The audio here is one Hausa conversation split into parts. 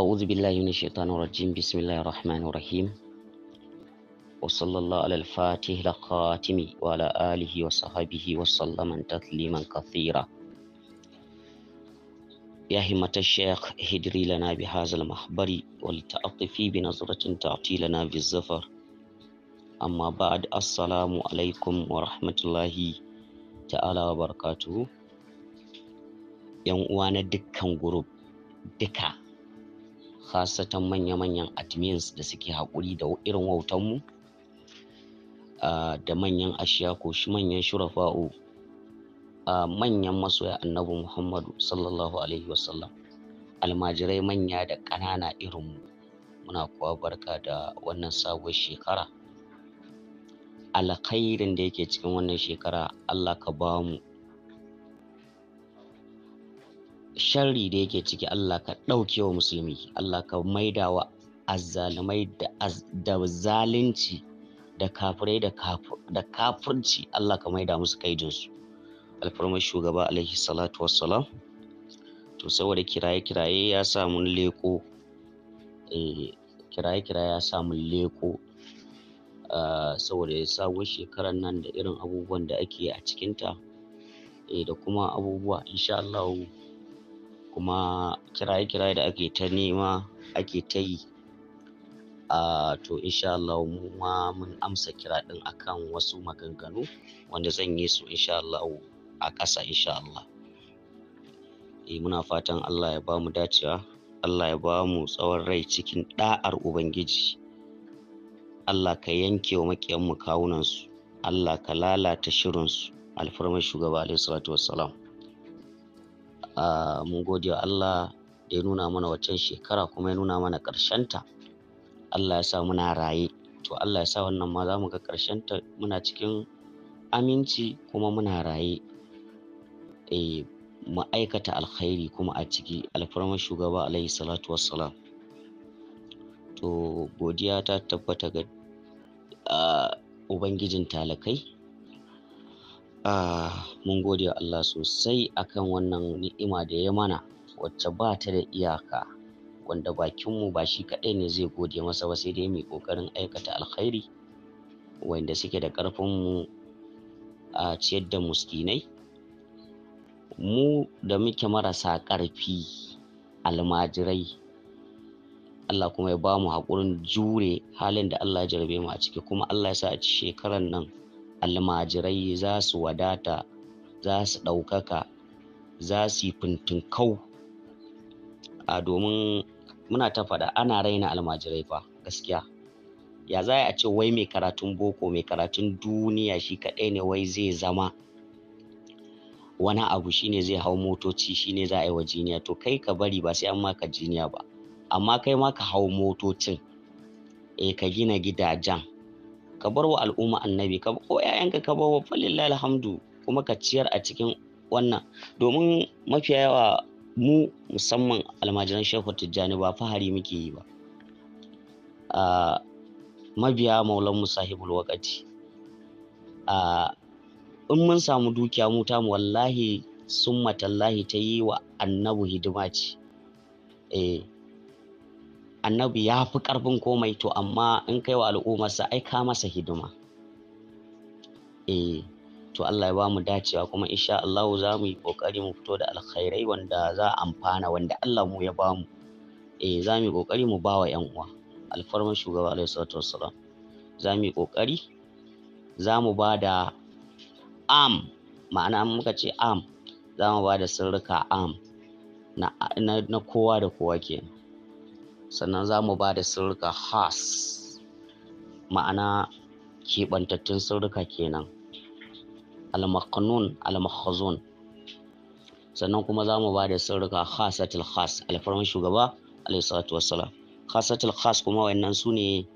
أعوذ بالله من الشيطان الرجيم بسم الله الرحمن الرحيم وصلى الله على الفاتح الخاتم وعلى آله وصحبه وسلم تسليما كثيرا يا همة الشيخ هدري لنا بهذا المخبر ولتأطفي بنظرة تعطي لنا بالزفر أما بعد السلام عليكم ورحمة الله تعالى وبركاته yan uwa na dukkan group duka khasatan manya-manyan admins da suke haƙuri da irin wautanmu ah, da manyan ashiya ko shi manyan shurafa'u ah, manyan masoya annabi muhammadu sallallahu alaihi wasallam almajirai manya da ƙanana irinmu muna kuwa barka da wannan sabuwar shekara alkhairin da yake cikin wannan shekara allah ka ba mu sharri da yake ciki Allah ka ɗauke wa musulmi Allah ka maida wa azzalumai da zalunci da kafirai da kafirci Allah ka maida musu kaidinsu alfarmar shugaba alaihi salatu wassalam to saboda kiraye-kiraye ya sa leko eh, kiraye-kiraye ya sa leko ah, saboda ya sabon shekarar nan da irin abubuwan da ake a cikinta eh, da kuma abubuwa insha Allah kuma kiraye-kiraye da ake ta nema ake ta yi to insha Allah mu ma mun amsa kira din akan wasu maganganu wanda zan yi su insha Allah a ƙasa insha Allah e, muna fatan Allah ya ba mu dacewa Allah ya ba mu tsawon rai cikin ɗa'ar Ubangiji Allah ka yanke wa maƙiyanmu mu kawunansu Allah ka lalata shirinsu alfarmar shugaba alaihi salatu wassalam Ah, mun gode wa Allah da ya nuna mana waccan shekara kuma ya nuna mana ta. Allah ya sa muna raye to Allah ya sa wannan ma za mu ga ta muna cikin aminci kuma muna raye e, mu aikata alkhairi kuma a ciki alfarmar shugaba alaihi salatu wassalam to godiya ta tabbata ga ah, ubangijin talakai Aa ah, mun gode wa Allah sosai akan wannan ni'ima da ya mana wacce ba ta da iyaka wanda bakinmu ba shi kaɗai ne zai gode masa ba sai dai mai ƙoƙarin aikata alkhairi wanda suke da ƙarfinmu a ciyar da muskinai mu da muke marasa ƙarfi almajirai Allah kuma ya ba mu haƙurin jure halin da Allah ya jarabe mu a ciki kuma Allah ya sa a shekaran nan almajirai za su wadata za su ɗaukaka za su yi fintinkau a domin muna ta faɗa ana raina almajirai fa gaskiya ya za a ce wai mai karatun boko mai karatun duniya shi kaɗai ne wai zai zama wani abu ne zai hau motoci shi ne za a yi wa jiniya to kai ka bari ba sai an maka jiniya ba amma kai ma ka hau motocin e ka gina gidajen ka bar wa al'umma annabi ka ko ƴaƴanka ka bar wa falilla alhamdu kuma ka ciyar a cikin wannan domin mafiya yawa mu musamman almajiran shehu tijjani ba fahari muke yi ba a mabiya maulan musahibul wakati a in mun samu dukiya mu mu wallahi sun matallahi ta yi wa annabu hidima ce eh annabi ya fi ƙarfin komai to amma in kai wa al'ummarsa aika masa hidima E! to Allah ya ba mu dacewa kuma insha Allah za mu yi kokari mu fito da alkhairai wanda za a amfana wanda Allah mu ya ba mu eh za mu yi kokari mu ba wa ƴan uwa alfarman shugaba alaihi salatu wassalam za mu yi kokari za mu ba da am ma'ana muka ce am za mu ba da sirrika am na, na kowa da kowa kenan sannan za mu ba da sirrika has ma'ana keɓantattun sirrika kenan al-makanun al sannan kuma za mu ba da sirrika hasatul has, alfarmar shugaba alaihi wassalam has kuma wannan su ne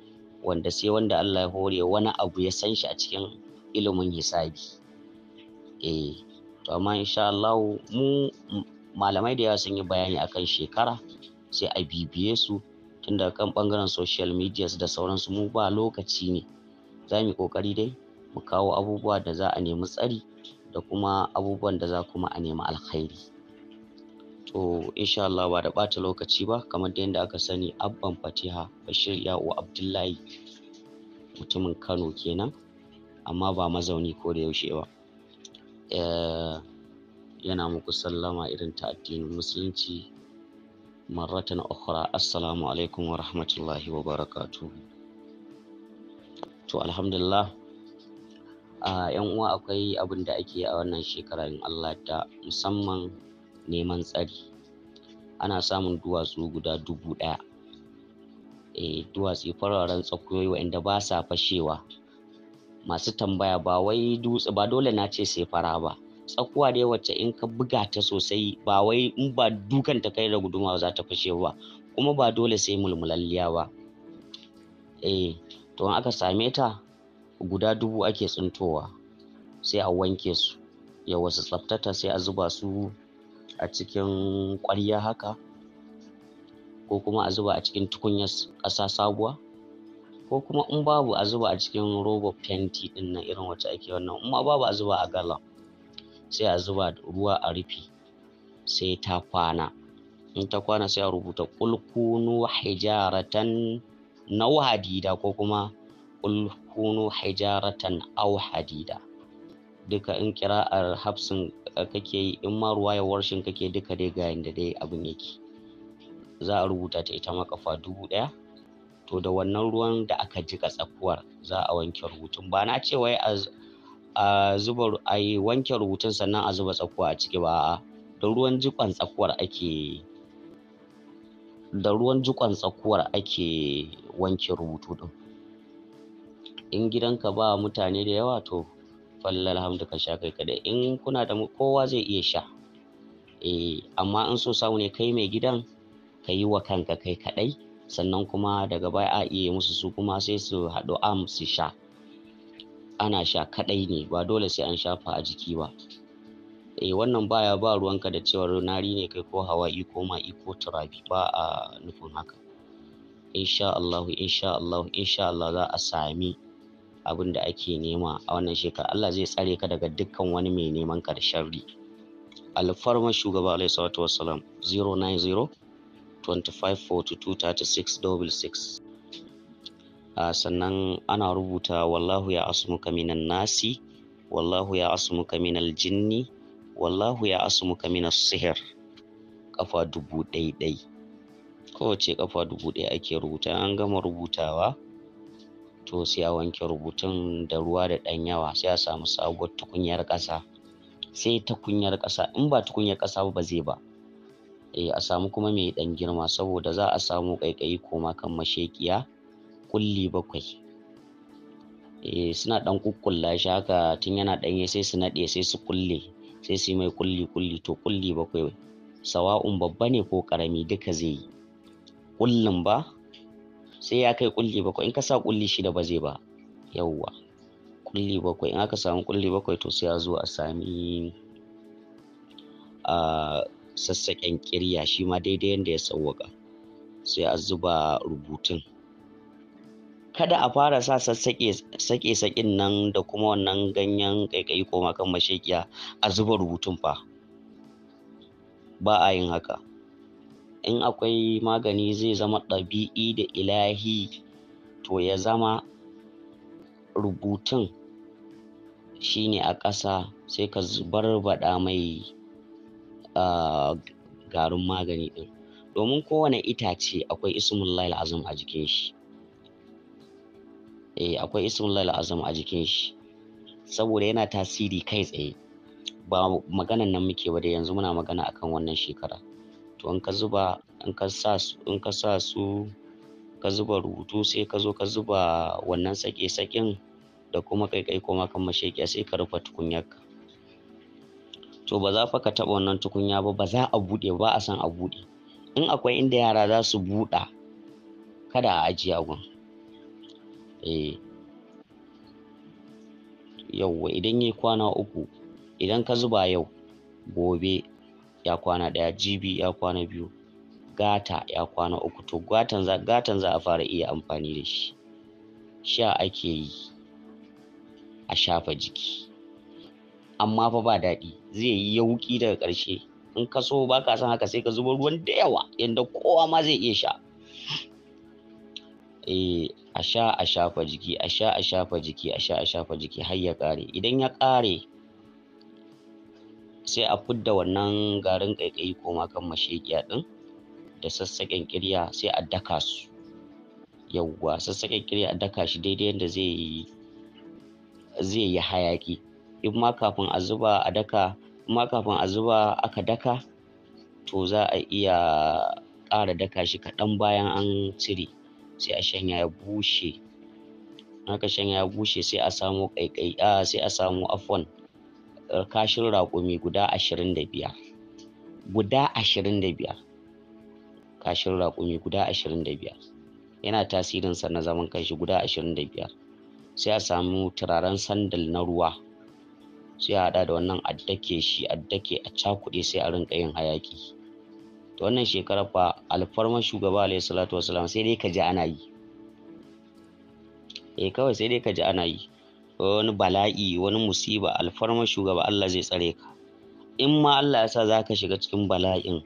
wanda sai wanda Allah ya hore wani abu ya san shi a cikin ilimin hisabi eh to amma insha mu malamai da yawa sun yi bayani akan shekara sai a bibiye su tun daga kan bangaren social media da sauran su mu ba lokaci ne za mu kokari dai mu kawo abubuwa da za a nemi tsari da kuma abubuwan da za kuma a nemi alkhairi to insha Allah ba da bata lokaci ba kamar da yadda aka sani abban fatiha bashir ya'u abdullahi mutumin kano kenan amma ba mazauni ko da yaushe ba eh, yana muku sallama irin ta addinin musulunci مرة أخرى السلام عليكم ورحمة الله وبركاته to alhamdulillah a yan uwa akwai abin da ake a wannan shekara in Allah ta musamman neman tsari ana samun duwatsu guda dubu ɗaya e duwatsu fararen tsakuyoyi waɗanda ba sa fashewa masu tambaya ba wai dutse ba dole na ce sai fara ba tsakuwa dai wacce in ka buga ta sosai ba wai in ba dukan ta kai da guduma za ta fashe ba kuma ba dole sai mulmulalliya ba eh to in aka same ta guda dubu ake tsintowa sai a wanke su ya wasu tsaftata sai a zuba su a cikin ƙwarya haka ko kuma a zuba a cikin tukunyar ƙasa sabuwa ko kuma in babu a zuba a cikin roba fenti ɗin nan irin wacce ake wannan in ma babu a zuba a galan sai a zuba ruwa a rufe sai ta kwana in ta kwana sai a rubuta kulkunu hijaratan nau hadida ko kuma kulkunu hijaratan au hadida duka in kira'ar hafsin kake yi in ma ruwa yawar shin kake duka dai ga da dai abin yake za a rubuta ta ita makafa dubu ɗaya to da wannan ruwan da aka jika tsakuwar za a wanke rubutun ba na ce wai a a zuba a yi wanke rubutun sannan a zuba tsakuwa a ciki ba da ruwan jikon tsakuwar ake da ruwan jikon tsakuwar ake wanke rubutu din in gidanka ba mutane da yawa to fallal hamdu ka sha kai kadai in kuna da kowa zai iya sha eh amma in so samu ne kai mai gidan ka yi wa kanka kai kadai sannan kuma daga baya a iya musu su kuma sai su haɗu am su sha ana sha kaɗai ne ba dole sai an shafa a jiki ba eh wannan baya ba ruwanka da cewar nari ne kai ko hawa'i ko ma iko turabi ba a nufin haka insha Allah insha Allah insha Allah za a sami abin da ake nema a wannan shekara Allah zai tsare ka daga dukkan wani mai neman ka da sharri alfarma shugaba alaihi salatu wassalam 090 25 42 36 66 Ah, sannan ana rubuta wallahu ya asmuka minan nasi wallahu ya asmuka minal jinni wallahu ya asmuka minas sihir kafa dubu ɗai kowace kafa dubu ɗaya ake rubuta an gama rubutawa to sai a wanke rubutun da ruwa da ɗan yawa sai a samu sabuwar tukunyar ƙasa sai ta kunyar ƙasa in ba tukunyar ƙasa ba zai ba eh, a samu kuma mai ɗan girma saboda za a samu ƙaiƙayi koma kan mashekiya kulli bakwai eh suna dan kukkulla shi haka tun yana danye sai su naɗe sai su kulle sai su mai kulli kulli to kulli bakwai sawa'un babba ne ko karami duka zai yi Kullum ba sai ya kai kulli bakwai in ka sa kulli shida ba zai ba yawwa kulli bakwai in aka samu kulli bakwai to sai ya zo a sami a sassaƙen kirya shi ma daidai yadda ya sauwaka sai a zuba rubutun kada a fara sa sake sakin nan da kuma wannan ganyen kaikayi ko makan mashekiya a zuba rubutun fa ba a yin haka in akwai magani zai zama ɗabi'i da ilahi to ya zama rubutun shine a ƙasa sai ka zubar baɗa mai ah, garin magani ɗin domin kowane itace akwai ismullahi azum a jikin shi eh akwai ismullahi azam a jikin shi saboda yana tasiri kai tsaye ba maganan nan muke ba da yanzu muna magana akan wannan shekara to in ka zuba in ka sa su in ka sa su ka zuba rubutu sai ka zo ka zuba wannan sake sakin da kuma kaikai koma kan mashekiya sai ka rufe tukunyarka to ba za fa ka taɓa wannan tukunya ba ba za a buɗe ba a san a buɗe in akwai inda yara za su buɗa kada a ajiye gun eh yauwa idan yayi kwana uku idan ka zuba yau gobe ya kwana ɗaya jibi ya kwana biyu gata ya kwana uku to gatan za a fara iya amfani da shi sha ake yi a shafa jiki amma fa ba daɗi zai yi yauƙi daga ƙarshe in ka so ba ka son haka sai ka zuba ruwan da yawa yadda kowa ma zai iya sha eh a sha a shafa jiki a sha a shafa jiki a sha a shafa jiki har ya ƙare idan ya ƙare sai a fidda wannan garin ƙaiƙayi ma kan mashekiya ɗin da sassaƙen ƙirya sai a daka su yawwa sassaƙen ƙirya a daka shi daidai yadda zai yi zai yi hayaƙi in ma kafin a zuba a daka in ma kafin a zuba aka daka to za a iya ƙara daka shi kaɗan bayan an cire sai a shanya ya bushe aka shanya ya bushe sai a samo kaikai a sai a samo afon eh, kashin raƙumi guda ashirin da biyar guda ashirin da biyar kashin raƙumi guda ashirin da biyar yana tasirinsa na zaman kanshi guda ashirin da biyar sai a samu turaren sandal na ruwa sai a haɗa da wannan addake shi addake a cakuɗe sai a rinka yin hayaki to wannan shekarar fa alfarman shugaba alayhi salatu wasalam sai dai ka ji ana yi eh kawai sai dai ka ji ana yi wani bala'i wani musiba alfarman shugaba Allah zai tsare ka in ma Allah ya sa za ka shiga cikin bala'in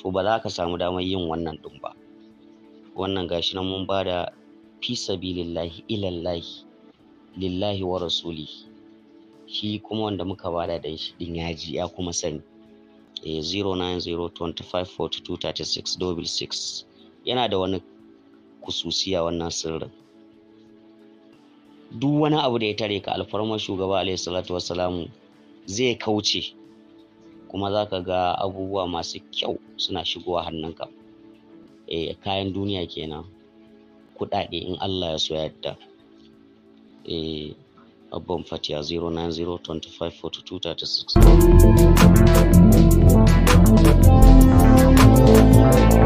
to ba za ka samu damar yin wannan ɗin ba wannan gashi nan mun bada da fi sabilillahi ilallahi lillahi wa rasuli shi kuma wanda muka bada da shi din yaji ya kuma sani 09025423666 eh, yana da wani kususiya wannan sirrin duk wani abu da ya tare ka alfarmar shugaba alaihi salatu wasalamu zai kauce kuma za ka ga abubuwa masu kyau suna shigowa hannunka e, kayan duniya kenan kuɗaɗe in allah ya so yadda e, eh, abban fatiya 090254236 Thank you.